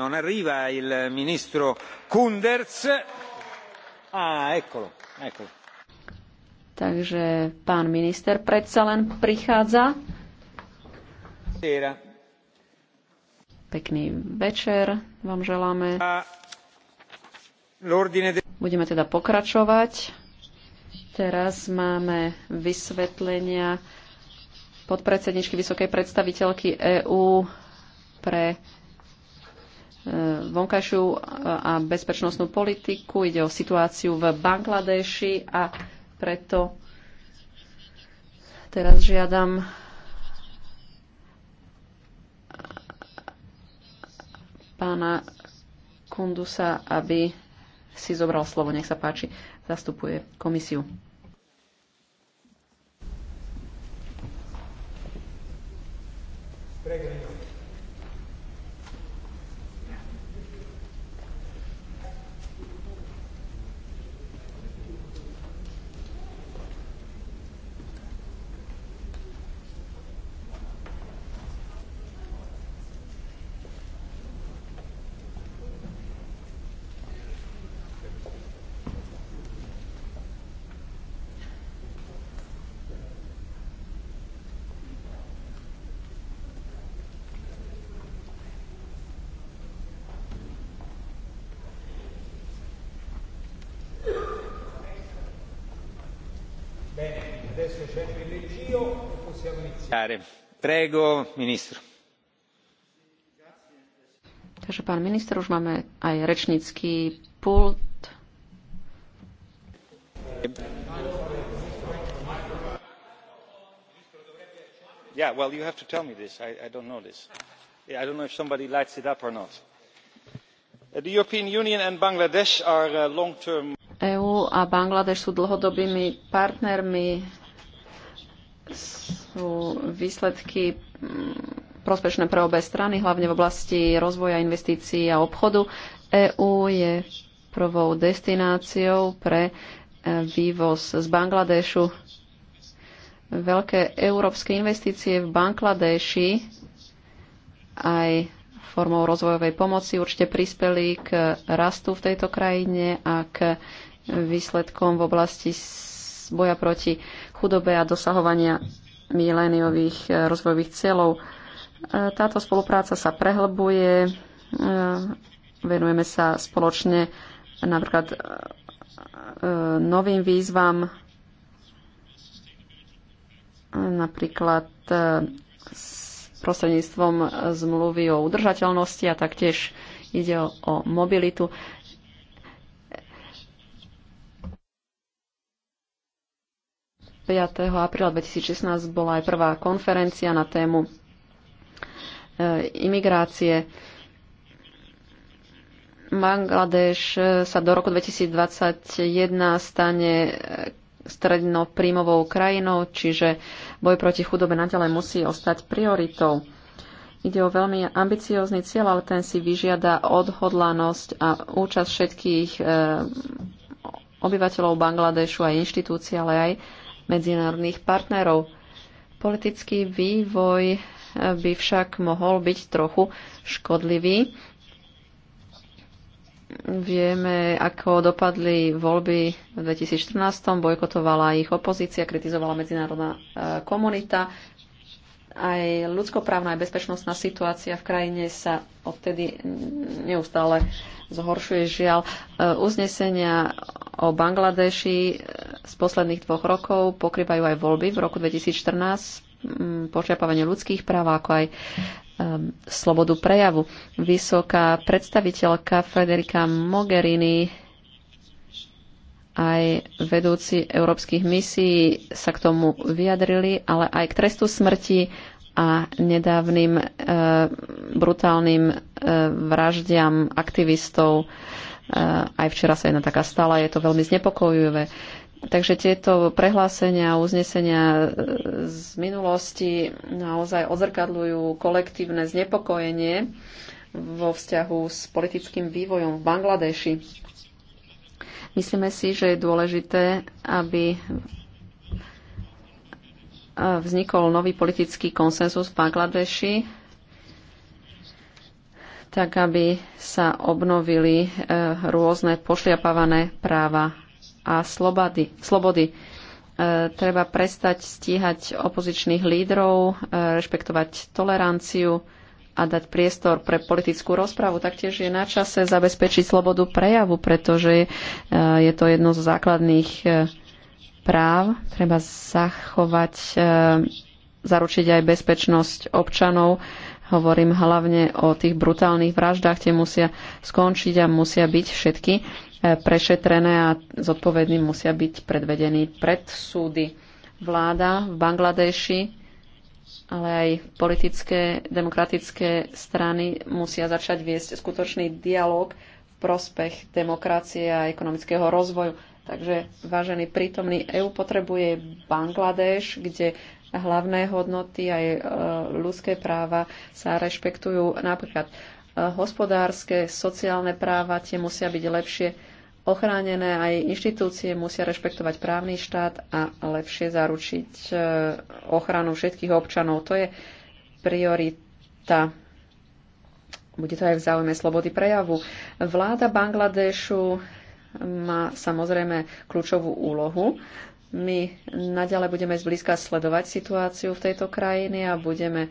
non arriva il ministro Kunders. Ah, Takže pán minister predsa len prichádza. Pekný večer vám želáme. Budeme teda pokračovať. Teraz máme vysvetlenia podpredsedničky vysokej predstaviteľky EÚ pre E, vonkajšiu e, a bezpečnostnú politiku, ide o situáciu v Bangladeši a preto teraz žiadam pána Kundusa, aby si zobral slovo. Nech sa páči, zastupuje komisiu. Pregrino. Takže pán minister, už máme aj rečnícky pult. Yeah, well, you have to tell me this. I, I don't know this. Yeah, I don't know if somebody lights it up or not. Uh, the European Union and Bangladesh are uh, long-term. EÚ a Bangladeš sú dlhodobými partnermi sú výsledky mm, prospešné pre obe strany, hlavne v oblasti rozvoja investícií a obchodu. EÚ je prvou destináciou pre e, vývoz z Bangladešu. Veľké európske investície v Bangladeši aj formou rozvojovej pomoci určite prispeli k rastu v tejto krajine a k výsledkom v oblasti boja proti chudobe a dosahovania miléniových e, rozvojových cieľov. E, táto spolupráca sa prehlbuje, e, venujeme sa spoločne napríklad novým výzvam, napríklad prostredníctvom zmluvy o udržateľnosti a taktiež ide o, o mobilitu. 5. apríla 2016 bola aj prvá konferencia na tému e, imigrácie. Bangladeš sa do roku 2021 stane e, stredno príjmovou krajinou, čiže boj proti chudobe naďalej musí ostať prioritou. Ide o veľmi ambiciózny cieľ, ale ten si vyžiada odhodlanosť a účasť všetkých e, obyvateľov Bangladešu, aj inštitúcií, ale aj medzinárodných partnerov. Politický vývoj eh, by však mohol byť trochu škodlivý. Vieme, ako dopadli voľby v 2014. Bojkotovala ich opozícia, kritizovala medzinárodná eh, komunita, aj ľudskoprávna, aj bezpečnostná situácia v krajine sa odtedy neustále zhoršuje žiaľ. Eh, uznesenia o Bangladeši eh, z posledných dvoch rokov pokrývajú aj voľby v roku 2014, mm, počiapávanie ľudských práv, ako aj ehm, slobodu prejavu. Vysoká predstaviteľka Frederika Mogherini aj vedúci európskych misií sa k tomu vyjadrili, ale aj k trestu smrti a nedávnym e, brutálnym e, vraždiam aktivistov. E, aj včera sa jedna taká stala, je to veľmi znepokojujúce. Takže tieto prehlásenia, a uznesenia e, z minulosti naozaj odzrkadľujú kolektívne znepokojenie vo vzťahu s politickým vývojom v Bangladeši. Myslíme si, že je dôležité, aby e, vznikol nový politický konsenzus v Bangladeši, tak aby sa obnovili e, rôzne pošliapavané práva a slobody. slobody. E, treba prestať stíhať opozičných lídrov, rešpektovať toleranciu, a dať priestor pre politickú rozpravu. Taktiež je na čase zabezpečiť slobodu prejavu, pretože e, je to jedno z základných e, práv. Treba zachovať, e, zaručiť aj bezpečnosť občanov. Hovorím hlavne o tých brutálnych vraždách, tie musia skončiť a musia byť všetky prešetrené a zodpovední musia byť predvedení pred súdy. Vláda v Bangladeši ale aj politické, demokratické strany musia začať viesť skutočný dialog v prospech demokracie a ekonomického rozvoju. Takže, vážený prítomný, EU potrebuje Bangladeš, kde hlavné hodnoty aj e, ľudské práva sa rešpektujú. Napríklad e, hospodárske, sociálne práva, tie musia byť lepšie ochránené, aj inštitúcie musia rešpektovať právny štát a lepšie zaručiť e, ochranu všetkých občanov. To je priorita. Bude to aj v záujme slobody prejavu. Vláda Bangladešu má samozrejme kľúčovú úlohu my naďalej budeme zblízka sledovať situáciu v tejto krajine a budeme e,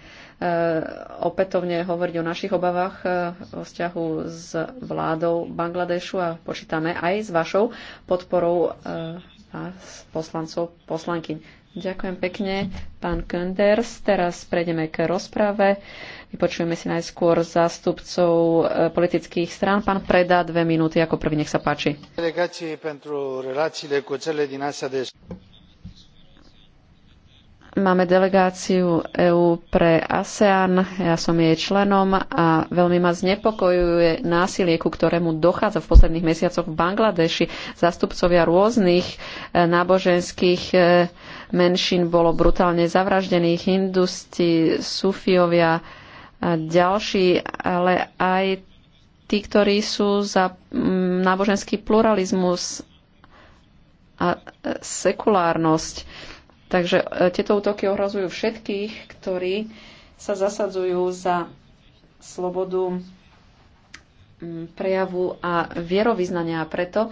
opätovne hovoriť o našich obavách e, o vzťahu s vládou Bangladešu a počítame aj s vašou podporou e, a poslancov, poslankyň. Ďakujem pekne, pán Könders. Teraz prejdeme k rozprave. Vypočujeme si najskôr zástupcov e, politických strán. Pán Preda, dve minúty ako prvý, nech sa páči. Máme delegáciu EÚ pre ASEAN, ja som jej členom a veľmi ma znepokojuje násilie, ku ktorému dochádza v posledných mesiacoch v Bangladeši. Zástupcovia rôznych e, náboženských e, menšín bolo brutálne zavraždených, hindusti, sufiovia a ďalší, ale aj tí, ktorí sú za mm, náboženský pluralizmus a e, sekulárnosť. Takže e, tieto útoky ohrozujú všetkých, ktorí sa zasadzujú za slobodu mm, prejavu a vierovýznania. A preto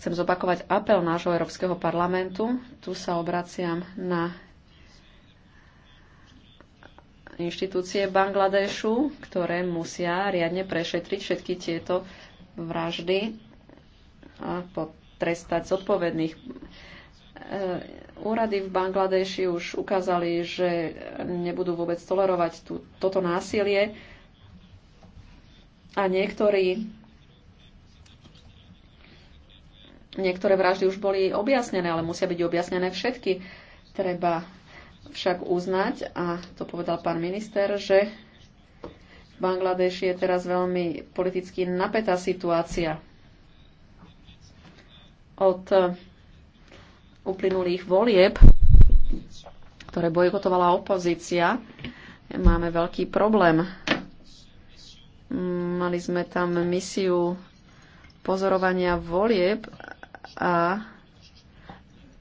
Chcem zopakovať apel nášho Európskeho parlamentu. Tu sa obraciam na inštitúcie Bangladešu, ktoré musia riadne prešetriť všetky tieto vraždy a potrestať zodpovedných. E, úrady v Bangladeši už ukázali, že nebudú vôbec tolerovať tú, toto násilie a niektorí Niektoré vraždy už boli objasnené, ale musia byť objasnené všetky. Treba však uznať, a to povedal pán minister, že v Bangladeši je teraz veľmi politicky napätá situácia. Od e, uplynulých volieb, ktoré bojkotovala opozícia, máme veľký problém. Mali sme tam misiu pozorovania volieb a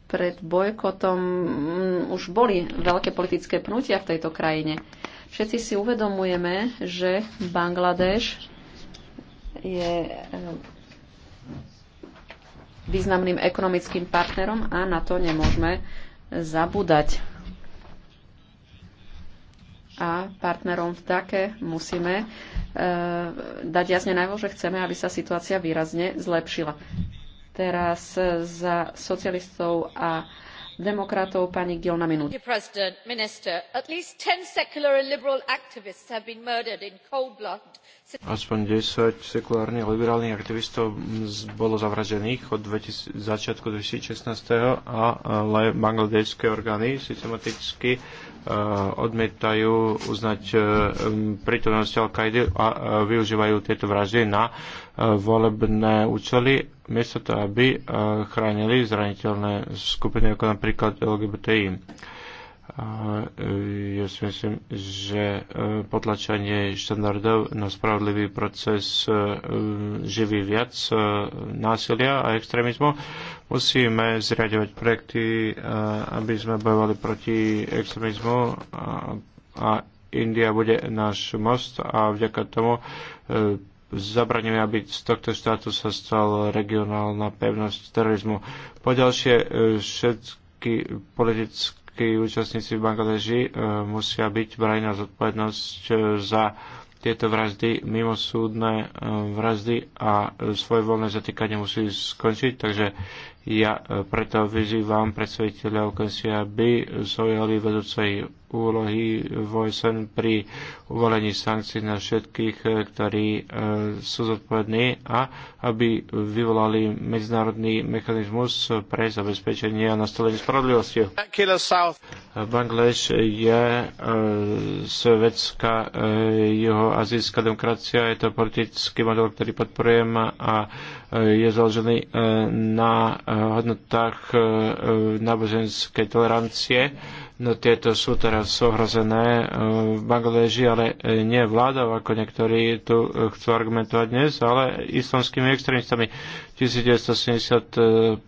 pred bojkotom mm, už boli veľké politické pnutia v tejto krajine. Všetci si uvedomujeme, že Bangladeš je eh, významným ekonomickým partnerom a na to nemôžeme zabúdať. A partnerom v také musíme eh, dať jasne najvo, že chceme, aby sa situácia výrazne zlepšila. Teraz za socialistov a demokratov pani Gil na minútu. Minister, at least 10 secular and liberal activists have been murdered in cold blood Aspoň 10 sekulárnych liberálnych aktivistov bolo zavražených od 2000, začiatku 2016. a ale orgány systematicky e, odmietajú uznať e, prítomnosť Al-Kaidy a e, využívajú tieto vraždy na volebné účely, miesto to, aby chránili zraniteľné skupiny ako napríklad LGBTI E, ja si myslím, že e, potlačanie štandardov na spravodlivý proces e, živí viac násilia a extrémizmu. Musíme zriadovať projekty, aby sme bojovali proti extrémizmu a India bude náš most a vďaka tomu zabraníme, aby z tohto štátu sa stal regionálna pevnosť terorizmu. Poďalšie všetky politické všetky účastníci v Bangladeži e, musia byť braní na zodpovednosť e, za tieto vraždy, mimosúdne e, vraždy a svoje voľné zatýkanie musí skončiť, takže ja preto vyzývam predstaviteľov komisie, aby zaujali vedúcej úlohy OSN pri uvalení sankcií na všetkých, eh, ktorí eh, sú zodpovední a aby vyvolali medzinárodný mechanizmus eh, pre zabezpečenie a nastolenie spravodlivosti. Bangladeš je jeho juhoazijská demokracia, je to politický model, ktorý podporujem a je založený na hodnotách náboženskej tolerancie No tieto sú teraz ohrozené e, v Bangladeži, ale e, nie vládou, ako niektorí tu e, chcú argumentovať dnes, ale islamskými extrémistami. V 1971.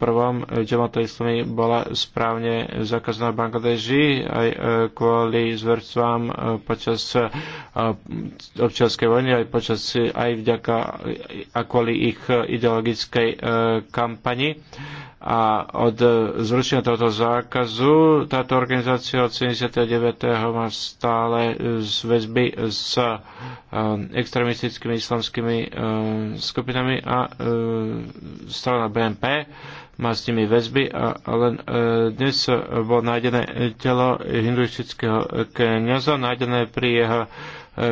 islami bola správne zakazaná v Bangladeži aj kvôli zverstvám počas občianskej vojny, aj, počas, aj vďaka a kvôli ich ideologickej kampani a od zrušenia tohoto zákazu táto organizácia od 79. má stále väzby s um, extremistickými islamskými um, skupinami a um, strana BNP má s nimi väzby a len e, dnes bolo nájdené telo hinduistického kniaza, nájdené pri jeho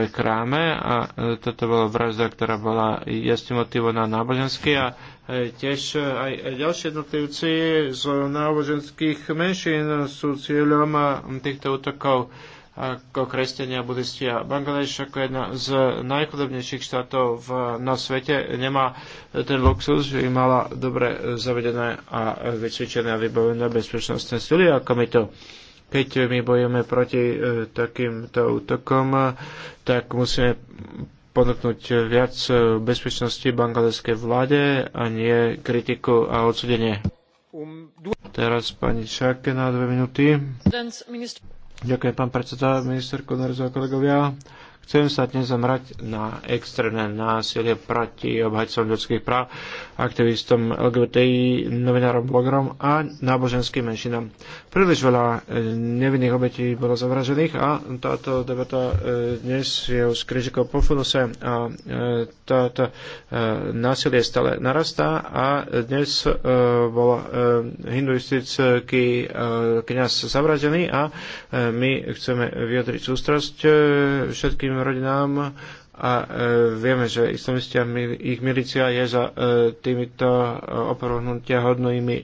kráme e, a e, toto bola vražda, ktorá bola jasne motivovaná nábožensky a Tiež e, aj e, ďalšie jednotlivci z náboženských menšín sú cieľom e, týchto útokov ako kresťania a buddhisti. A Bangladeš ako jedna z najchudobnejších štátov v, na svete nemá ten luxus, že im mala dobre zavedené a vycvičené a vybavené bezpečnostné sily, ako my to keď my bojujeme proti e, takýmto útokom, tak musíme podotknúť viac e, bezpečnosti bangladeskej vláde a nie kritiku a odsudenie. Teraz pani Šáke na dve minúty. Ďakujem, pán predseda, minister Konar a kolegovia. Chcem sa dnes zamrať na extrémne násilie proti obhajcom ľudských práv, aktivistom LGBTI, novinárom, blogerom a náboženským menšinám. Príliš veľa e, nevinných obetí bolo zavražených a táto debata e, dnes je už križikou po funuse a e, táto násilie stále narastá a dnes bol hinduistický kniaz zavražený a my chceme vyjadriť sústrasť všetkým rodinám a e, vieme, že islamistia, ich milícia je za e, týmito e, opovrhnutia hodnými e,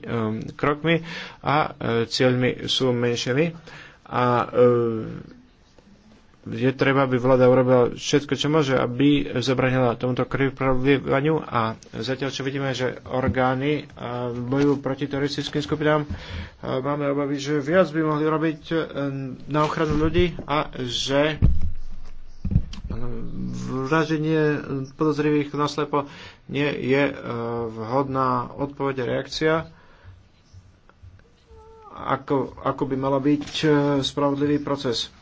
krokmi a e, cieľmi sú menšiny. A e, je treba, aby vláda urobila všetko, čo môže, aby zabranila tomuto krivprolievaniu a zatiaľ, čo vidíme, že orgány e, bojujú proti teroristickým skupinám, e, máme obavy, že viac by mohli robiť na ochranu ľudí a že vraženie podozrivých naslepo nie je e, vhodná odpoveď a reakcia, ako, ako by mala byť e, spravodlivý proces.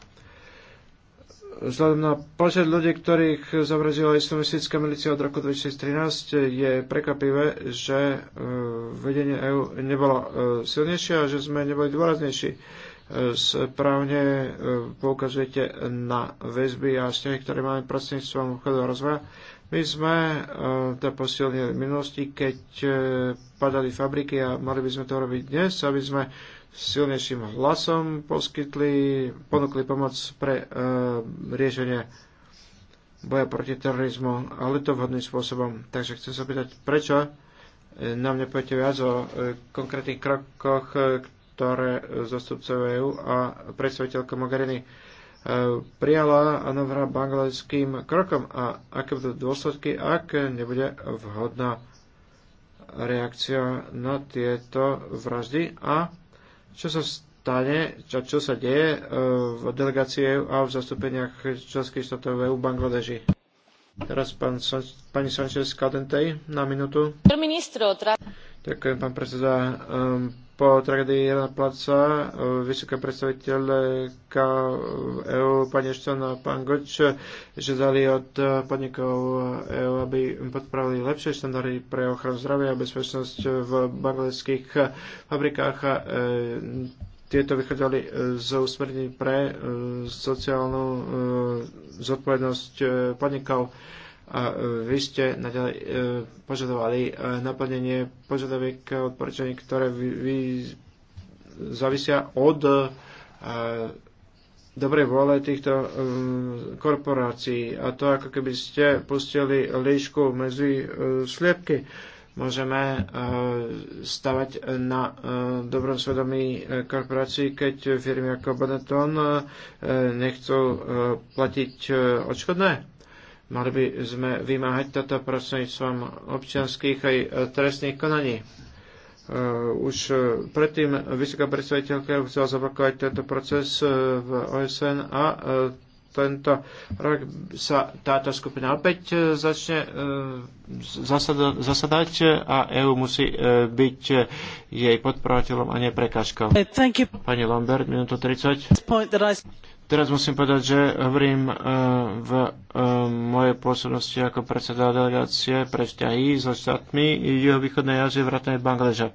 Vzhľadom na počet ľudí, ktorých zavrazila islamistická milícia od roku 2013, je prekvapivé, že e, vedenie EÚ nebolo silnejšie a že sme neboli dôraznejší správne e, poukazujete na väzby a vzťahy, ktoré máme prostredníctvom obchodu a rozvoja. My sme e, to posilnili v minulosti, keď e, padali fabriky a mali by sme to robiť dnes, aby sme silnejším hlasom poskytli, ponúkli pomoc pre riešenie boja proti terorizmu, ale to vhodným spôsobom. Takže chcem sa pýtať, prečo nám nepoviete viac o konkrétnych krokoch, ktoré zastupcov EU a predstaviteľka Mogherini e, prijala a bangladeským krokom a aké budú dôsledky, ak nebude vhodná reakcia na tieto vraždy a čo sa stane, čo, čo sa deje e, v delegácii EU a v zastúpeniach členských štátov EU v Bangladeži. Teraz pán, pani Sanchez Kadentej na minútu. Ministro, tra... Ďakujem, pán predseda. Ehm, po tragédii Jana Placa, eh, vysoká predstaviteľka EU, eh, e pani Ešton a pán Goč, žiadali od eh, podnikov EU, e aby podpravili lepšie štandardy pre ochranu zdravia a bezpečnosť v bangladeských fabrikách a tieto vychádzali z usmernení pre sociálnu zodpovednosť podnikov a e, vy ste naďalej e, požadovali e, naplnenie požadaviek a odporúčaní, ktoré vy, vy závisia od dobrej vôle týchto korporácií a to ako keby ste pustili líšku medzi uh, sliepky. Môžeme stavať na uh, dobrom svedomí korporácií, keď firmy ako Benetton uh, nechcú platiť odškodné? Mali by sme vymáhať toto prostredníctvom občianských aj e, trestných konaní. E, už e, predtým vysoká predstaviteľka chcela zablokovať tento proces v OSN a tento rok sa táto skupina opäť začne zasada, zasadať a EU musí byť jej podporovateľom a nie prekažkou. Pani Lambert, minútu 30. Teraz musím povedať, že hovorím e, v e, mojej pôsobnosti ako predseda delegácie pre vzťahy so štátmi juhovýchodnej Ázie Ratnej Bangladeža.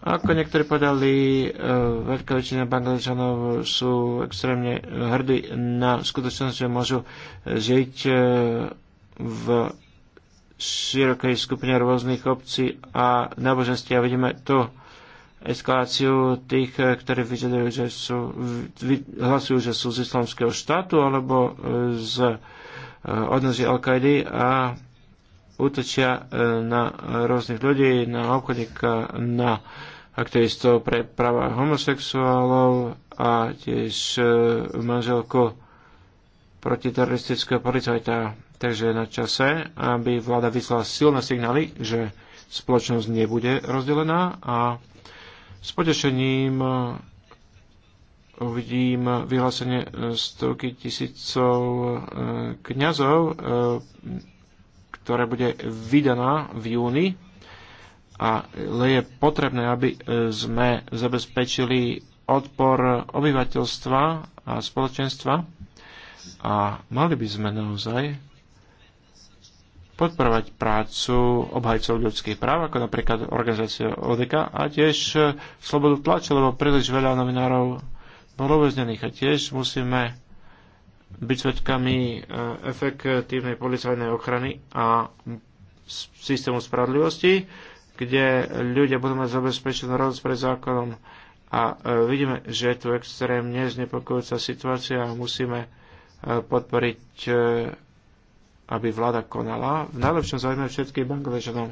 Ako niektorí povedali, e, veľká väčšina Bangladežanov sú extrémne hrdí na skutočnosť, že môžu žiť v širokej skupine rôznych obcí a náboženství a vidíme to, eskaláciu tých, eh, ktorí vyžadujú, že sú, hlasujú, že sú z islamského štátu alebo eh, z eh, odnoží Al-Kaidi a útočia na rôznych ľudí, na obchodníka, na aktivistov pre práva homosexuálov a tiež manželku protiteroristického policajta. Takže na čase, aby vláda vyslala silné signály, že spoločnosť nebude rozdelená a s potešením e, uvidím vyhlásenie stovky tisícov e, kňazov, e, ktoré bude vydaná v júni. A je potrebné, aby sme zabezpečili odpor obyvateľstva a spoločenstva a mali by sme naozaj podporovať prácu obhajcov ľudských práv, ako napríklad organizácia ODK a tiež e, slobodu tlače, lebo príliš veľa novinárov bolo uväznených a tiež musíme byť svedkami e, efektívnej policajnej ochrany a systému spravodlivosti, kde ľudia budú mať zabezpečenú rovnosť pred zákonom a e, vidíme, že je tu extrémne znepokojúca situácia a musíme podporiť aby vláda konala v najlepšom záujme všetkých Bangladešanov.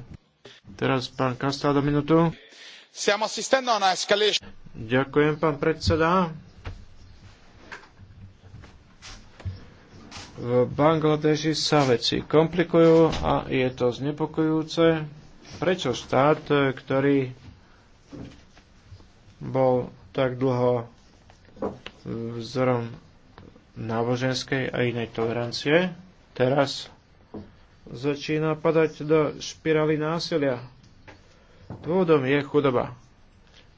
Teraz pán Kastá do minútu. Ďakujem, pán predseda. V Bangladeši sa veci komplikujú a je to znepokojúce. Prečo štát, ktorý bol tak dlho vzorom náboženskej a inej tolerancie, teraz začína padať do špirály násilia. Dôvodom je chudoba.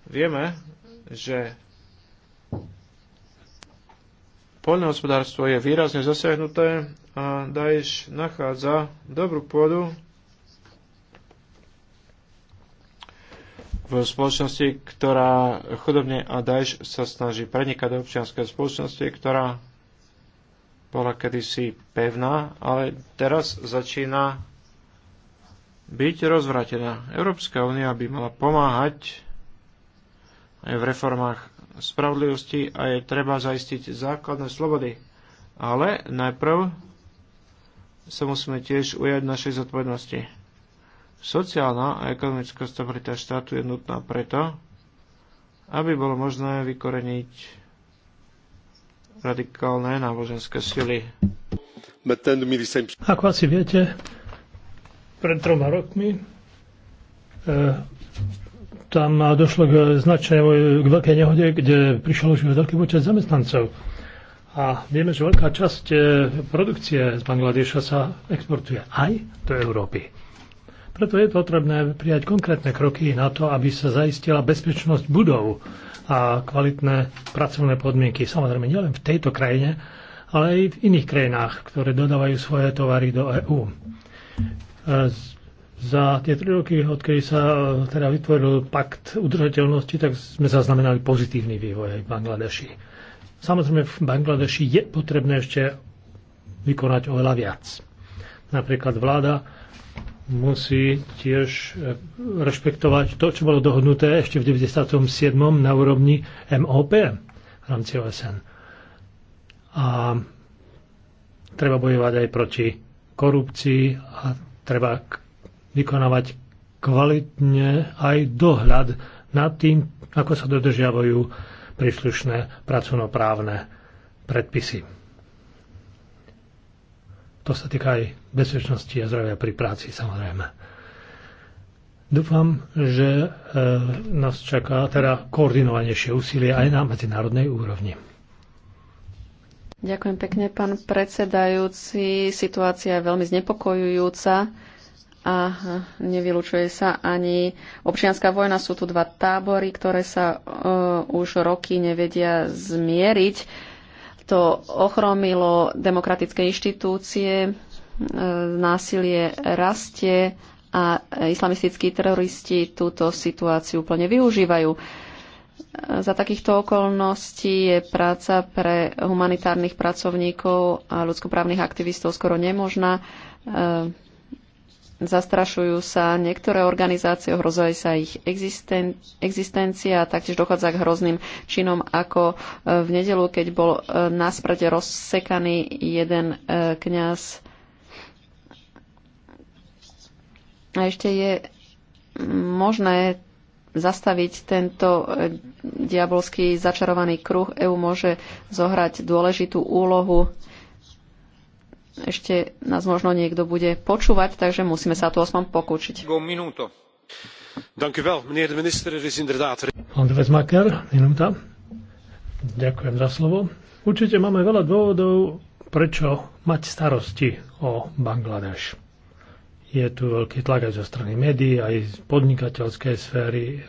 Vieme, že poľnohospodárstvo je výrazne zasiahnuté a Daesh nachádza dobrú pôdu v spoločnosti, ktorá chudobne a Daesh sa snaží prenikať do občianskej spoločnosti, ktorá bola kedysi pevná, ale teraz začína byť rozvratená. Európska únia by mala pomáhať aj v reformách spravodlivosti a je treba zaistiť základné slobody. Ale najprv sa musíme tiež ujať našej zodpovednosti. Sociálna a ekonomická stabilita štátu je nutná preto, aby bolo možné vykoreniť radikálne náboženské sily. Ako asi viete, pred troma rokmi e, tam došlo k značnej k veľkej nehode, kde prišiel už veľký počet zamestnancov. A vieme, že veľká časť e, produkcie z Bangladeša sa exportuje aj do Európy. Preto je potrebné prijať konkrétne kroky na to, aby sa zaistila bezpečnosť budov a kvalitné pracovné podmienky. Samozrejme nielen v tejto krajine, ale aj v iných krajinách, ktoré dodávajú svoje tovary do EÚ. E, za tie tri roky, odkedy sa e, teda vytvoril pakt udržateľnosti, tak sme zaznamenali pozitívny vývoj aj v Bangladeši. Samozrejme, v Bangladeši je potrebné ešte vykonať oveľa viac. Napríklad vláda musí tiež e, rešpektovať to, čo bolo dohodnuté ešte v 97. na úrovni MOP v rámci OSN. A treba bojovať aj proti korupcii a treba vykonávať kvalitne aj dohľad nad tým, ako sa dodržiavajú príslušné pracovnoprávne predpisy. To sa týka aj bezpečnosti a zdravia pri práci samozrejme. Dúfam, že e, nás čaká teda koordinovanejšie úsilie aj na medzinárodnej úrovni. Ďakujem pekne, pán predsedajúci. Situácia je veľmi znepokojujúca a nevylučuje sa ani občianská vojna. Sú tu dva tábory, ktoré sa e, už roky nevedia zmieriť to ochromilo demokratické inštitúcie, e, násilie rastie a islamistickí teroristi túto situáciu úplne využívajú. E, za takýchto okolností je práca pre humanitárnych pracovníkov a ľudskoprávnych aktivistov skoro nemožná e, zastrašujú sa niektoré organizácie, ohrozuje sa ich existen- existencia a taktiež dochádza k hrozným činom, ako e, v nedelu, keď bol e, na sprate rozsekaný jeden e, kňaz. A ešte je možné zastaviť tento diabolský začarovaný kruh. EU môže zohrať dôležitú úlohu ešte nás možno niekto bude počúvať, takže musíme sa tu aspoň pokúčiť. Er minúta. Ďakujem za slovo. Určite máme veľa dôvodov, prečo mať starosti o Bangladeš. Je tu veľký tlak aj zo strany médií, aj z podnikateľskej sféry, eh,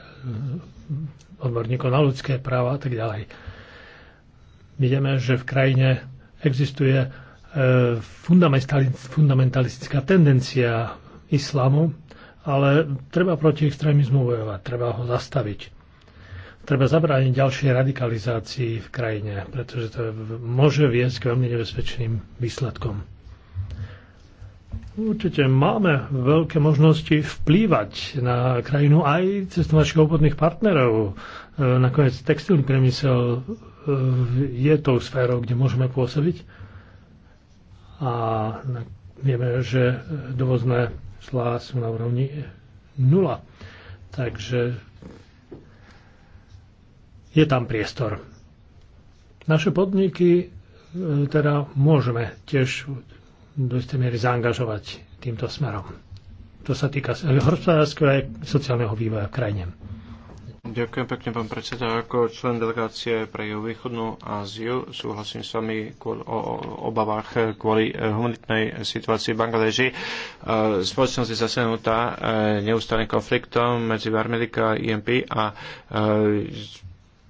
odborníkov na ľudské práva a tak ďalej. Vidíme, že v krajine existuje fundamentalistická tendencia islamu, ale treba proti extrémizmu bojovať, treba ho zastaviť. Treba zabrániť ďalšej radikalizácii v krajine, pretože to môže viesť k veľmi nebezpečným výsledkom. Určite máme veľké možnosti vplývať na krajinu aj cez našich obchodných partnerov. E, nakoniec textilný priemysel e, je tou sférou, kde môžeme pôsobiť a vieme, že dovozné slá sú na úrovni nula. Takže je tam priestor. Naše podniky e, teda môžeme tiež do istej miery zaangažovať týmto smerom. To sa týka hospodárskeho aj sociálneho vývoja v krajine. Ďakujem pekne, pán predseda. Ako člen delegácie pre východnú Áziu súhlasím s vami kvôli, o, obavách kvôli e, humanitnej situácii v Bangladeži. E, spoločnosť je zasenutá e, neustálym konfliktom medzi Varmelika a IMP a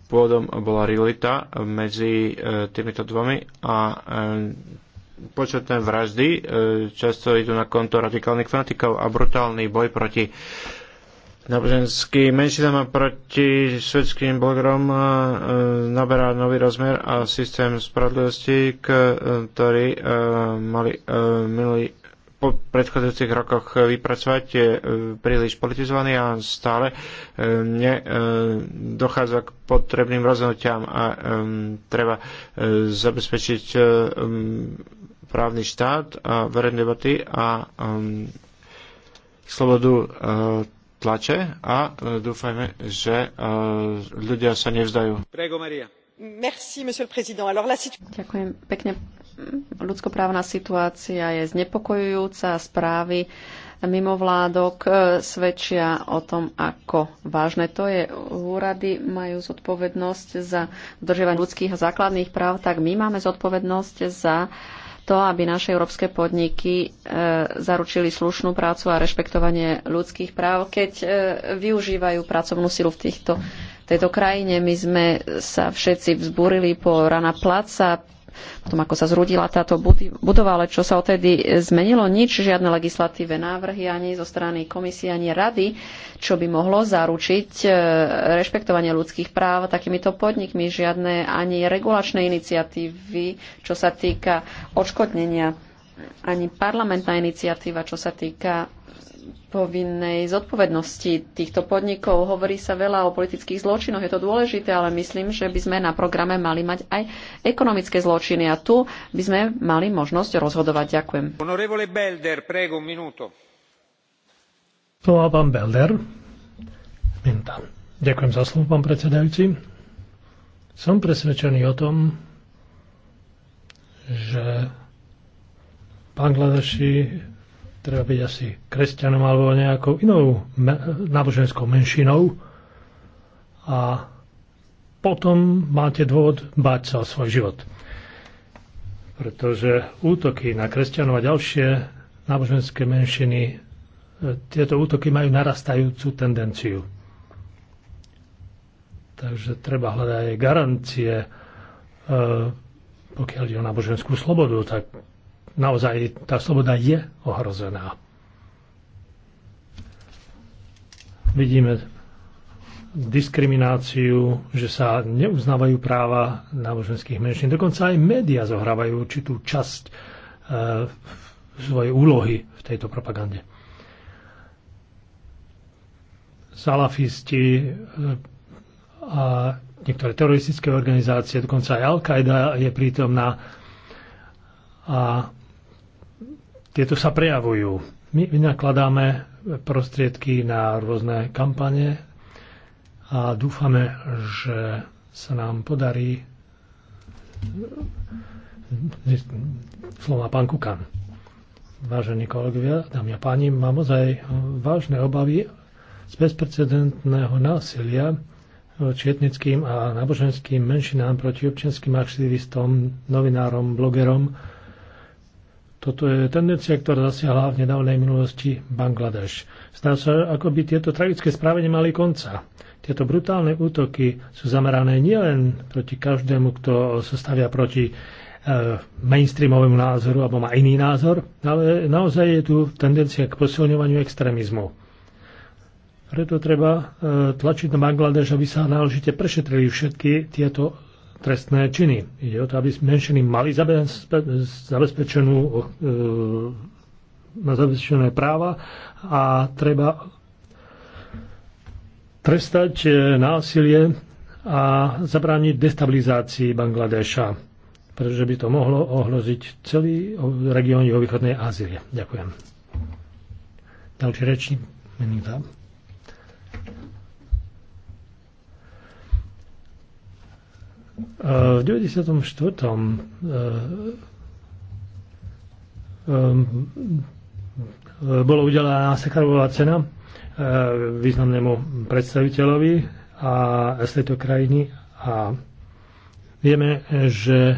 pôvodom bola rivalita medzi týmito dvomi a početné vraždy často idú na konto radikálnych fanatikov a brutálny boj proti náboženský menšina a proti svetským blogerom e, naberá nový rozmer a systém spravodlivosti, ktorý e, mali e, minulý po predchádzajúcich rokoch vypracovať, je príliš politizovaný a stále ne, dochádza k potrebným rozhodnutiam a treba zabezpečiť právny štát a verejné debaty a slobodu tlače a e, dúfajme, že e, ľudia sa nevzdajú. Merci, Ďakujem pekne. Ľudskoprávna situácia je znepokojujúca. Správy mimovládok e, svedčia o tom, ako vážne to je. Úrady majú zodpovednosť za dodržiavanie ľudských a základných práv, tak my máme zodpovednosť za uh, to, aby naše európske podniky e, zaručili slušnú prácu a rešpektovanie ľudských práv, keď e, využívajú pracovnú silu v týchto, tejto krajine. My sme sa všetci vzburili po Rana Placa, potom ako sa zrudila táto budova, ale čo sa odtedy zmenilo? Nič, žiadne legislatíve návrhy ani zo strany komisie, ani rady, čo by mohlo zaručiť e, rešpektovanie ľudských práv takýmito podnikmi, žiadne ani regulačné iniciatívy, čo sa týka odškodnenia ani parlamentná iniciatíva, čo sa týka povinnej zodpovednosti týchto podnikov. Hovorí sa veľa o politických zločinoch, je to dôležité, ale myslím, že by sme na programe mali mať aj ekonomické zločiny a tu by sme mali možnosť rozhodovať. Ďakujem. Honorevole Belder, prego, Slova pán Belder. Minta. Ďakujem za slovo, pán predsedajúci. Som presvedčený o tom, že Bangladeši treba byť asi kresťanom alebo nejakou inou náboženskou menšinou a potom máte dôvod báť sa o svoj život. Pretože útoky na kresťanov a ďalšie náboženské menšiny, e, tieto útoky majú narastajúcu tendenciu. Takže treba hľadať aj garancie, e, pokiaľ ide o náboženskú slobodu, tak naozaj tá sloboda je ohrozená. Vidíme diskrimináciu, že sa neuznávajú práva náboženských menšín. Dokonca aj médiá zohrávajú určitú časť e, svojej úlohy v tejto propagande. Salafisti e, a niektoré teroristické organizácie, dokonca aj al qaeda je prítomná a tieto sa prejavujú. My vynakladáme prostriedky na rôzne kampane a dúfame, že sa nám podarí slova pán Kukan. Vážení kolegovia, dámy a páni, mám ozaj vážne obavy z bezprecedentného násilia voči etnickým a náboženským menšinám proti občianským aktivistom, novinárom, blogerom, toto je tendencia, ktorá zasiahla v nedávnej minulosti Bangladeš. Zdá sa, ako by tieto tragické správy nemali konca. Tieto brutálne útoky sú zamerané nielen proti každému, kto sa stavia proti e, mainstreamovému názoru alebo má iný názor, ale naozaj je tu tendencia k posilňovaniu extrémizmu. Preto treba e, tlačiť na Bangladeš, aby sa náležite prešetrili všetky tieto trestné činy. Ide o to, aby menšiny mali zabezpečenú, e, na zabezpečené práva a treba trestať e, násilie a zabrániť destabilizácii Bangladeša, pretože by to mohlo ohroziť celý región východnej Ázie. Ďakujem. Ďalší rečník, V 94. E, e, e, bolo udelená Sekarová cena významnému predstaviteľovi a z tejto krajiny a vieme, že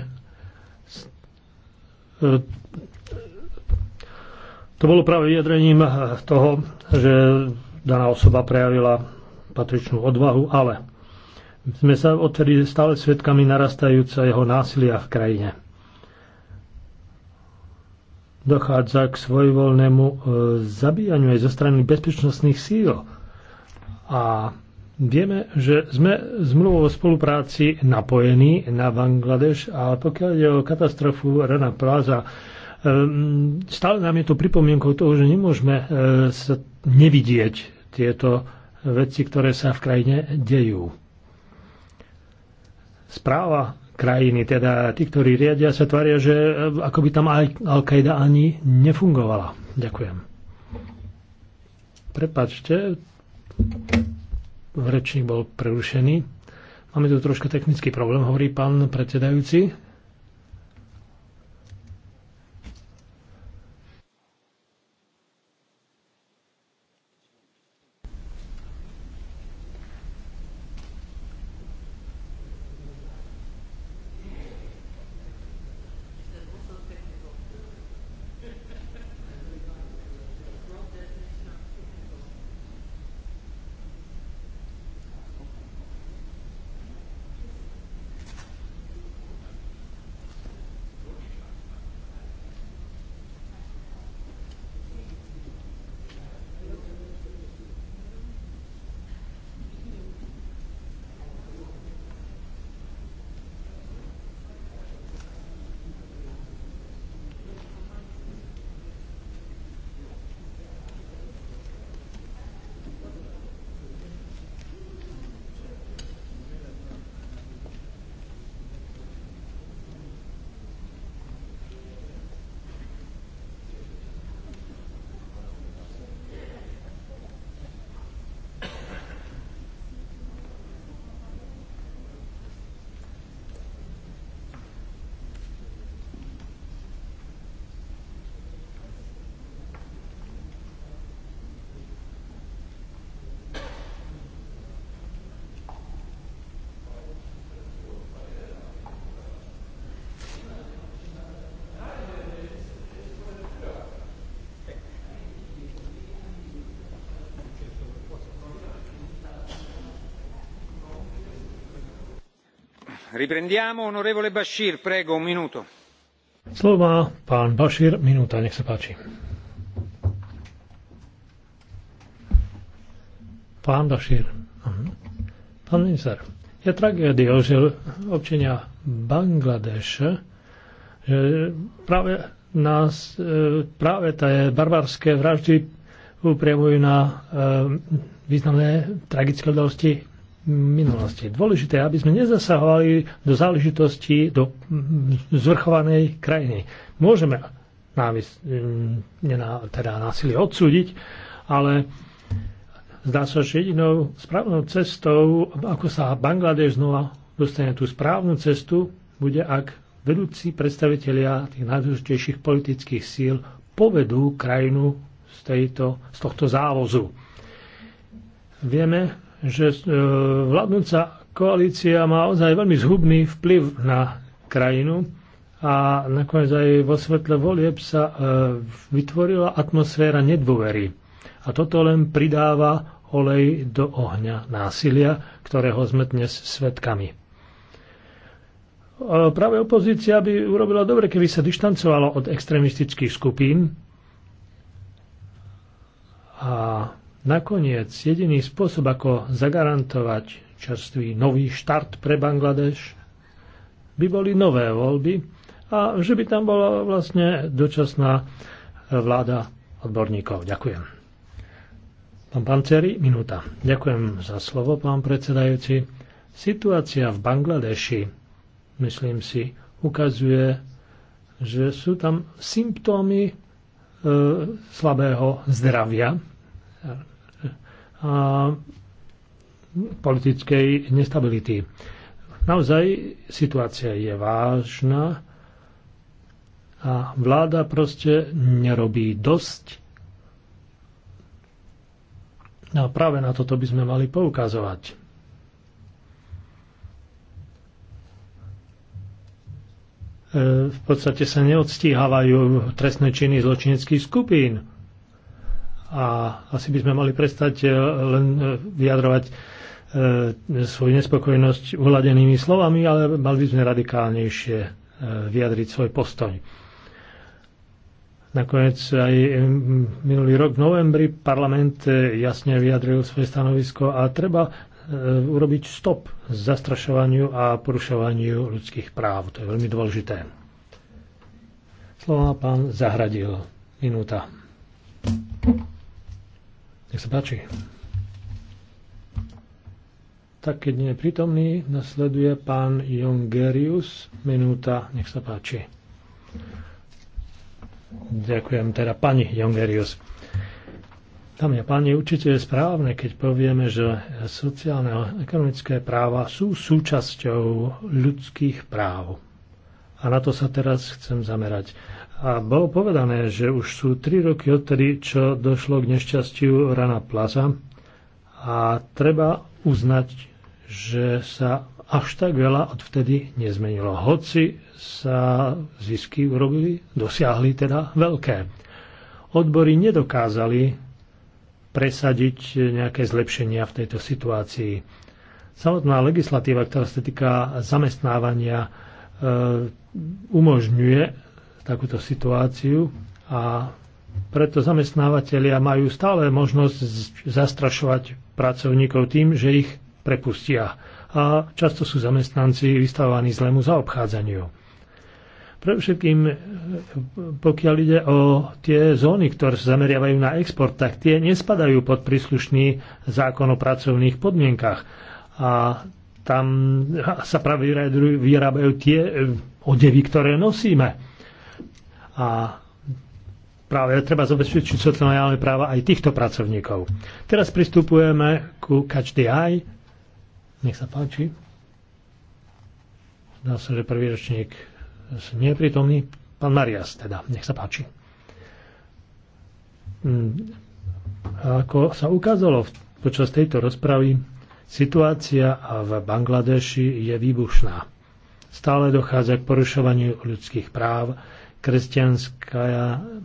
to bolo práve vyjadrením toho, že daná osoba prejavila patričnú odvahu, ale sme sa odtedy stále svetkami narastajúceho násilia v krajine. Dochádza k svojvoľnému e, zabíjaniu aj zo strany bezpečnostných síl. A vieme, že sme zmluvou o spolupráci napojení na Bangladeš a pokiaľ ide o katastrofu Rana Plaza, e, stále nám je to pripomienkou toho, že nemôžeme e, sa nevidieť tieto veci, ktoré sa v krajine dejú správa krajiny, teda tí, ktorí riadia, sa tvária, že e, ako by tam Al-Qaida ani nefungovala. Ďakujem. Prepačte, rečník bol prerušený. Máme tu troška technický problém, hovorí pán predsedajúci. Slovo má pán Bashir, minúta, nech sa páči. Pán Bashir. Pán minister, je tragédia, že občania Bangladeša, že práve nás, e, práve tie barbarské vraždy upriamujú na e, významné tragické udalosti minulosti. Dôležité, aby sme nezasahovali do záležitosti do mm, zvrchovanej krajiny. Môžeme návis, mm, nená, teda násilie odsúdiť, ale zdá sa, že jedinou správnou cestou, ako sa Bangladeš znova dostane tú správnu cestu, bude, ak vedúci predstavitelia tých najdôležitejších politických síl povedú krajinu z, tejto, z tohto závozu. Vieme, že e, vládnúca koalícia má ozaj veľmi zhubný vplyv na krajinu a nakoniec aj vo svetle volieb sa e, vytvorila atmosféra nedôvery. A toto len pridáva olej do ohňa násilia, ktorého sme dnes svetkami. E, práve opozícia by urobila dobre, keby sa dištancovala od extremistických skupín a Nakoniec jediný spôsob, ako zagarantovať čerstvý nový štart pre Bangladeš, by boli nové voľby a že by tam bola vlastne dočasná vláda odborníkov. Ďakujem. Pán Panceri, minúta. Ďakujem za slovo, pán predsedajúci. Situácia v Bangladeši, myslím si, ukazuje, že sú tam symptómy e, slabého zdravia a politickej nestability. Naozaj situácia je vážna a vláda proste nerobí dosť. No a práve na toto by sme mali poukazovať. E, v podstate sa neodstíhavajú trestné činy zločineckých skupín a asi by sme mali prestať e, len e, vyjadrovať e, svoju nespokojnosť uhladenými slovami, ale mali by sme radikálnejšie vyjadriť svoj postoj. Nakoniec aj minulý rok v novembri parlament jasne vyjadril svoje stanovisko a treba urobiť stop zastrašovaniu a porušovaniu ľudských práv. To je veľmi dôležité. Slovo má pán Zahradil. Minúta. Nech sa páči. Tak, keď nie je prítomný, nasleduje pán Jongerius. Minúta, nech sa páči. Ďakujem teda pani Jongerius. Tam je páni, určite je správne, keď povieme, že sociálne a ekonomické práva sú súčasťou ľudských práv. A na to sa teraz chcem zamerať. A bolo povedané, že už sú 3 roky odtedy, čo došlo k nešťastiu Rana Plaza a treba uznať, že sa až tak veľa odvtedy nezmenilo. Hoci sa zisky urobili, dosiahli teda veľké. Odbory nedokázali presadiť nejaké zlepšenia v tejto situácii. Samotná legislatíva, ktorá sa týka zamestnávania, e, umožňuje takúto situáciu a preto zamestnávateľia majú stále možnosť zastrašovať pracovníkov tým, že ich prepustia. A často sú zamestnanci vystavovaní zlému zaobchádzaniu. Pre všetkým, e, pokiaľ ide o tie zóny, ktoré sa zameriavajú na export, tak tie nespadajú pod príslušný zákon o pracovných podmienkach. A tam sa práve vyrábajú tie e, odevy, ktoré nosíme a práve treba zabezpečiť sociálne práva aj týchto pracovníkov. Teraz pristupujeme ku Catch the Eye. Nech sa páči. Dá sa, že prvý ročník nie je prítomný. Pán Marias teda, nech sa páči. A mm. ako sa ukázalo počas tejto rozpravy, situácia v Bangladeši je výbušná. Stále dochádza k porušovaniu ľudských práv, kresťanská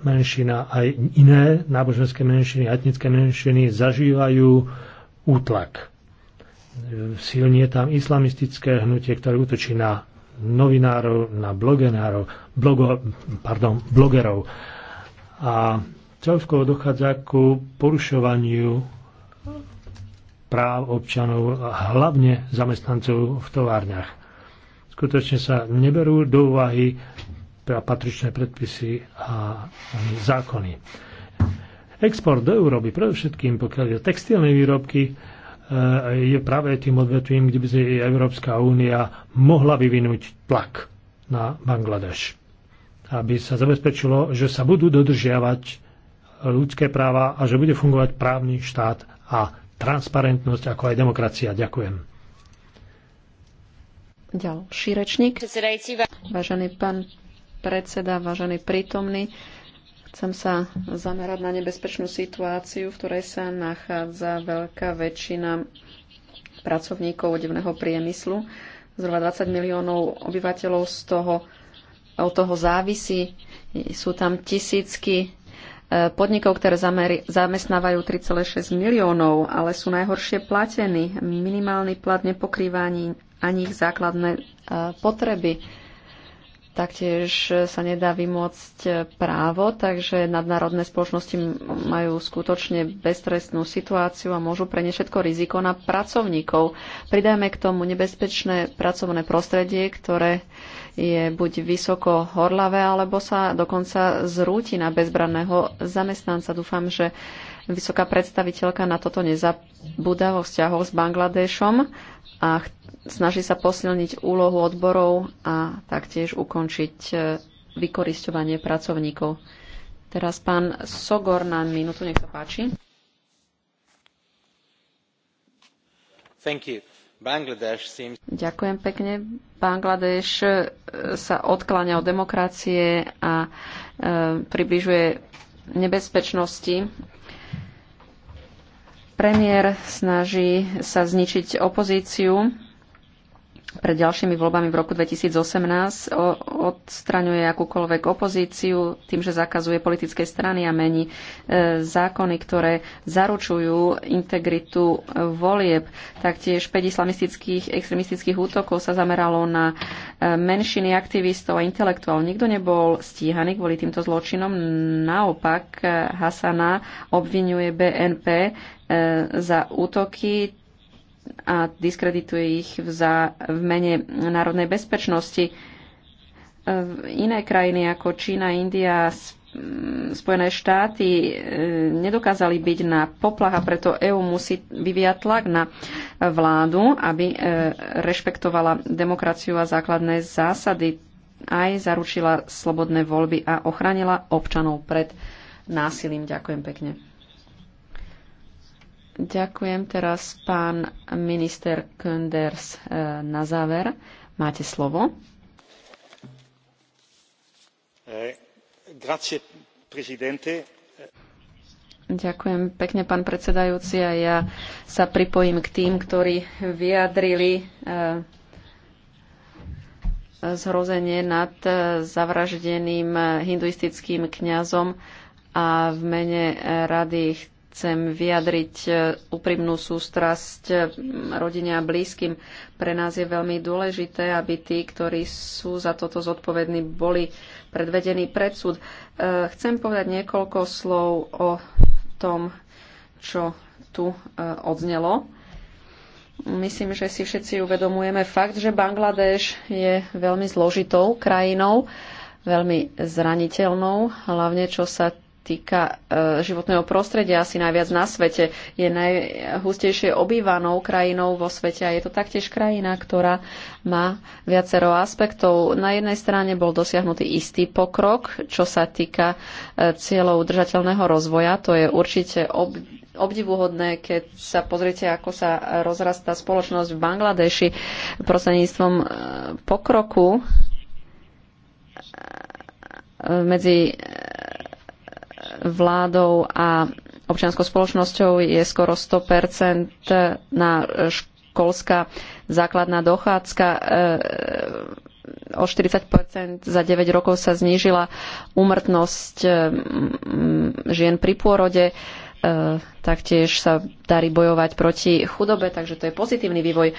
menšina, aj iné náboženské menšiny, etnické menšiny zažívajú útlak. Silnie tam islamistické hnutie, ktoré útočí na novinárov, na blogenárov, blogo, pardon, blogerov. A celkovo dochádza ku porušovaniu práv občanov, hlavne zamestnancov v továrniach. Skutočne sa neberú do úvahy patričné predpisy a zákony. Export do Európy, predovšetkým pokiaľ je textilné výrobky, e, je práve tým odvetvím, kde by si Európska únia mohla vyvinúť tlak na Bangladeš, aby sa zabezpečilo, že sa budú dodržiavať ľudské práva a že bude fungovať právny štát a transparentnosť, ako aj demokracia. Ďakujem. Ďalší rečník. Vážený pán predseda, vážený prítomný. Chcem sa zamerať na nebezpečnú situáciu, v ktorej sa nachádza veľká väčšina pracovníkov odevného priemyslu. Zhruba 20 miliónov obyvateľov z toho, od toho závisí. Sú tam tisícky e, podnikov, ktoré zamestnávajú 3,6 miliónov, ale sú najhoršie platení. Minimálny plat nepokrýva ani, ani ich základné e, potreby Taktiež sa nedá vymôcť právo, takže nadnárodné spoločnosti majú skutočne beztrestnú situáciu a môžu ne všetko riziko na pracovníkov. Pridajme k tomu nebezpečné pracovné prostredie, ktoré je buď vysoko horlavé, alebo sa dokonca zrúti na bezbranného zamestnanca. Dúfam, že vysoká predstaviteľka na toto nezabúda vo vzťahoch s Bangladešom a snaží sa posilniť úlohu odborov a taktiež ukončiť e, vykoristovanie pracovníkov. Teraz pán Sogor na minútu, nech sa páči. Seems... Ďakujem pekne. Bangladeš e, sa odkláňa od demokracie a e, približuje nebezpečnosti. Premiér snaží sa zničiť opozíciu pred ďalšími voľbami v roku 2018 odstraňuje akúkoľvek opozíciu tým, že zakazuje politické strany a mení e, zákony, ktoré zaručujú integritu e, volieb. Taktiež 5 islamistických extremistických útokov sa zameralo na e, menšiny aktivistov a intelektuál. Nikto nebol stíhaný kvôli týmto zločinom. Naopak Hasana obvinuje BNP za útoky a diskredituje ich v, za, v mene národnej bezpečnosti. E, iné krajiny ako Čína, India, Spojené štáty e, nedokázali byť na poplach a preto EÚ musí vyvíjať tlak na vládu, aby e, rešpektovala demokraciu a základné zásady, aj zaručila slobodné voľby a ochránila občanov pred násilím. Ďakujem pekne. Ďakujem teraz pán minister Könders eh, na záver. Máte slovo. Eh, grazie, Ďakujem pekne, pán predsedajúci, a ja sa pripojím k tým, ktorí vyjadrili eh, zhrozenie nad zavraždeným hinduistickým kňazom a v mene rady Chcem vyjadriť e, úprimnú sústrasť e, rodine a blízkym. Pre nás je veľmi dôležité, aby tí, ktorí sú za toto zodpovední, boli predvedení pred súd. E, chcem povedať niekoľko slov o tom, čo tu odznelo. Myslím, že si všetci uvedomujeme fakt, že Bangladeš je veľmi zložitou krajinou, veľmi zraniteľnou, hlavne čo sa týka e, životného prostredia asi najviac na svete. Je najhustejšie obývanou krajinou vo svete a je to taktiež krajina, ktorá má viacero aspektov. Na jednej strane bol dosiahnutý istý pokrok, čo sa týka e, cieľov udržateľného rozvoja. To je určite ob obdivuhodné, keď sa pozriete, ako sa rozrastá spoločnosť v Bangladeši prostredníctvom e, pokroku medzi vládou a občianskou spoločnosťou je skoro 100% na školská základná dochádzka. E, o 40% za 9 rokov sa znížila úmrtnosť e, žien pri pôrode. E, taktiež sa darí bojovať proti chudobe, takže to je pozitívny vývoj.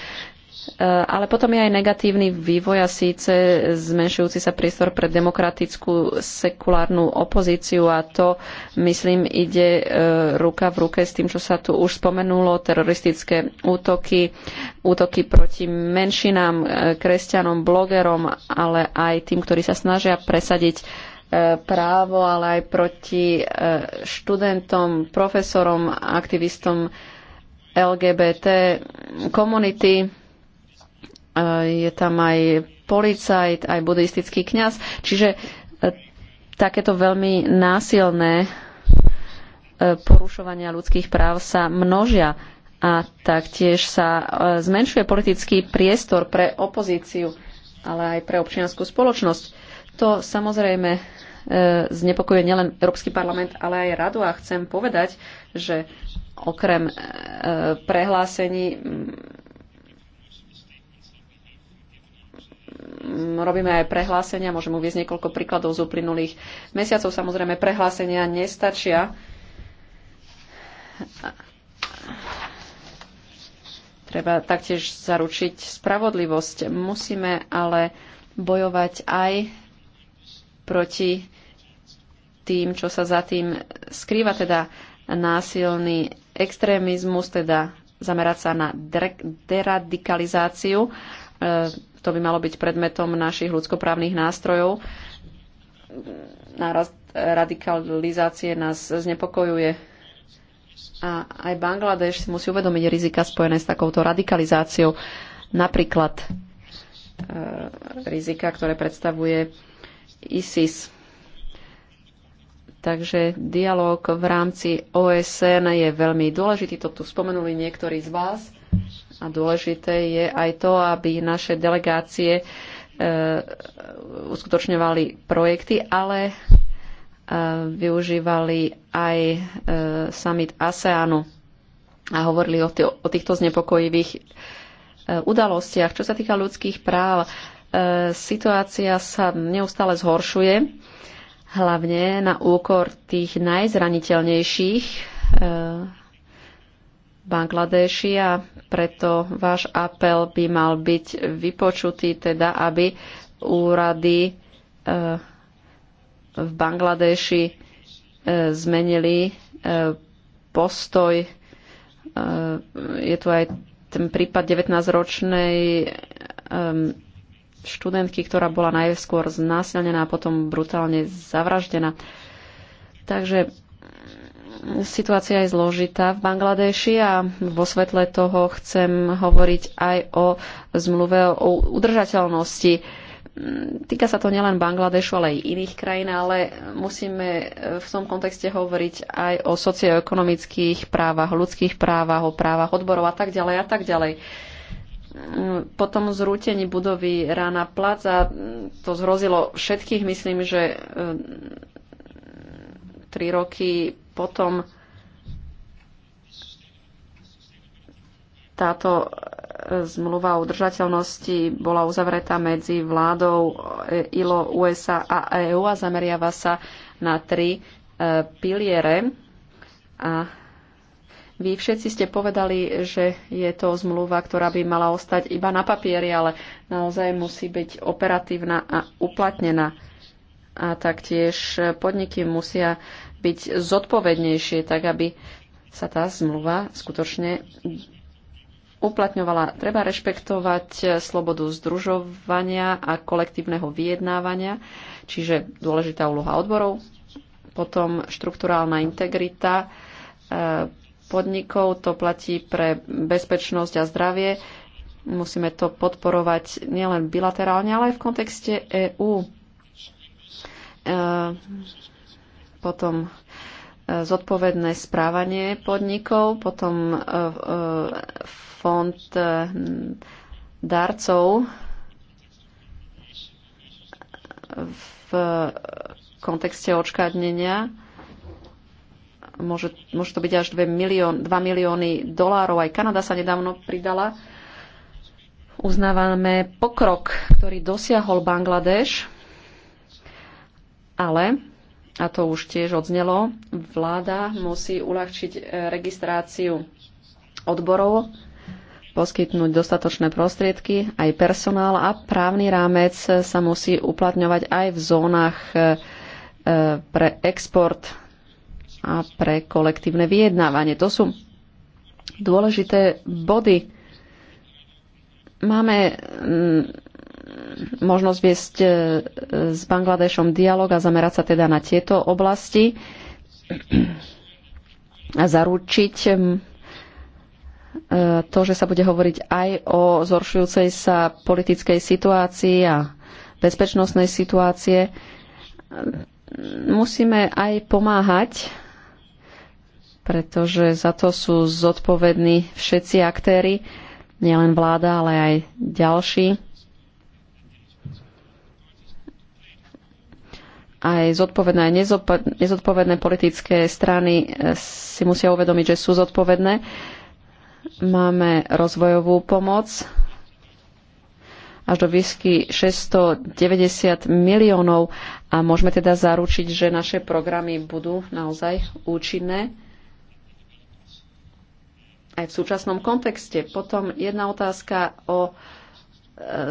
Eh, ale potom je aj negatívny vývoj a síce zmenšujúci sa priestor pre demokratickú sekulárnu opozíciu a to, myslím, ide eh, ruka v ruke s tým, čo sa tu už spomenulo, teroristické útoky, útoky proti menšinám, eh, kresťanom, blogerom, ale aj tým, ktorí sa snažia presadiť právo, ale aj proti študentom, profesorom, aktivistom LGBT komunity Eh, je tam aj policajt, aj buddhistický kňaz. Čiže eh, takéto veľmi násilné eh, porušovania ľudských práv sa množia a taktiež sa zmenšuje politický priestor pre opozíciu, ale aj pre občianskú spoločnosť. To samozrejme znepokojuje nielen Európsky parlament, ale aj radu a chcem povedať, že okrem prehlásení Mm, robíme aj prehlásenia, môžem uvieť niekoľko príkladov z uplynulých mesiacov. Samozrejme, prehlásenia nestačia. Treba taktiež zaručiť spravodlivosť. Musíme ale bojovať aj proti tým, čo sa za tým skrýva, teda násilný extrémizmus, teda zamerať sa na deradikalizáciu e, to by malo byť predmetom našich ľudskoprávnych nástrojov. Nárast radikalizácie nás znepokojuje. A aj Bangladeš si musí uvedomiť rizika spojené s takouto radikalizáciou. Napríklad e, rizika, ktoré predstavuje ISIS. Takže dialog v rámci OSN je veľmi dôležitý, to tu spomenuli niektorí z vás. A dôležité je aj to, aby naše delegácie e, uskutočňovali projekty, ale e, využívali aj e, summit ASEANu a hovorili o, t- o týchto znepokojivých udalostiach. Čo sa týka ľudských práv, situácia sa neustále zhoršuje, hlavne na úkor tých najzraniteľnejších Bangladeši a preto váš apel by mal byť vypočutý, teda aby úrady e, v Bangladeši e, zmenili e, postoj. Je tu aj ten prípad 19-ročnej študentky, ktorá bola najskôr znásilnená a potom brutálne zavraždená. Takže Situácia je zložitá v Bangladeši a vo svetle toho chcem hovoriť aj o zmluve o udržateľnosti. Týka sa to nielen Bangladešu, ale aj iných krajín, ale musíme v tom kontexte hovoriť aj o socioekonomických právach, ľudských právach, o právach odborov a tak ďalej a tak ďalej po tom zrútení budovy Rana Plaza to zhrozilo všetkých. Myslím, že e, tri roky potom táto e, zmluva o udržateľnosti bola uzavretá medzi vládou e, ILO, USA a EU a zameriava sa na tri e, piliere. A vy všetci ste povedali, že je to zmluva, ktorá by mala ostať iba na papieri, ale naozaj musí byť operatívna a uplatnená. A taktiež podniky musia byť zodpovednejšie, tak aby sa tá zmluva skutočne uplatňovala. Treba rešpektovať slobodu združovania a kolektívneho vyjednávania, čiže dôležitá úloha odborov, potom štruktúrálna integrita e, podnikov, to platí pre bezpečnosť a zdravie. Musíme to podporovať nielen bilaterálne, ale aj v kontexte EÚ potom e, zodpovedné správanie podnikov, potom e, e, fond darcov v kontexte očkádnenia. Môže, môže to byť až 2, milión, 2 milióny dolárov. Aj Kanada sa nedávno pridala. Uznávame pokrok, ktorý dosiahol Bangladeš, ale a to už tiež odznelo, vláda musí uľahčiť e, registráciu odborov, poskytnúť dostatočné prostriedky, aj personál a právny rámec sa musí uplatňovať aj v zónach e, e, pre export a pre kolektívne vyjednávanie. To sú dôležité body. Máme možnosť viesť e, s Bangladešom dialog a zamerať sa teda na tieto oblasti a zaručiť e, to, že sa bude hovoriť aj o zhoršujúcej sa politickej situácii a bezpečnostnej situácie. Musíme aj pomáhať, pretože za to sú zodpovední všetci aktéry, nielen vláda, ale aj ďalší. aj zodpovedné, aj nezodpovedné politické strany eh, si musia uvedomiť, že sú zodpovedné. Máme rozvojovú pomoc až do výsky 690 miliónov a môžeme teda zaručiť, že naše programy budú naozaj účinné aj v súčasnom kontexte. Potom jedna otázka o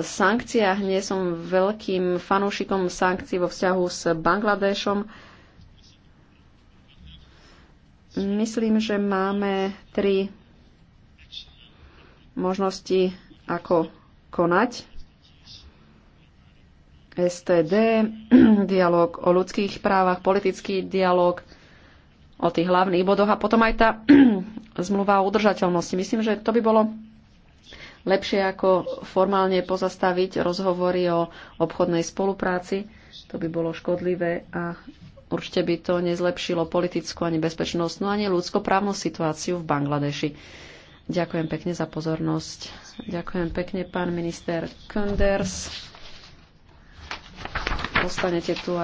sankciách. Nie som veľkým fanúšikom sankcií vo vzťahu s Bangladešom. Myslím, že máme tri možnosti, ako konať. STD, dialog o ľudských právach, politický dialog o tých hlavných bodoch a potom aj tá zmluva o udržateľnosti. Myslím, že to by bolo lepšie ako formálne pozastaviť rozhovory o obchodnej spolupráci. To by bolo škodlivé a určite by to nezlepšilo politickú ani bezpečnostnú, ani ľudskoprávnu situáciu v Bangladeši. Ďakujem pekne za pozornosť. Ďakujem pekne, pán minister Kunders. Ostanete tu aj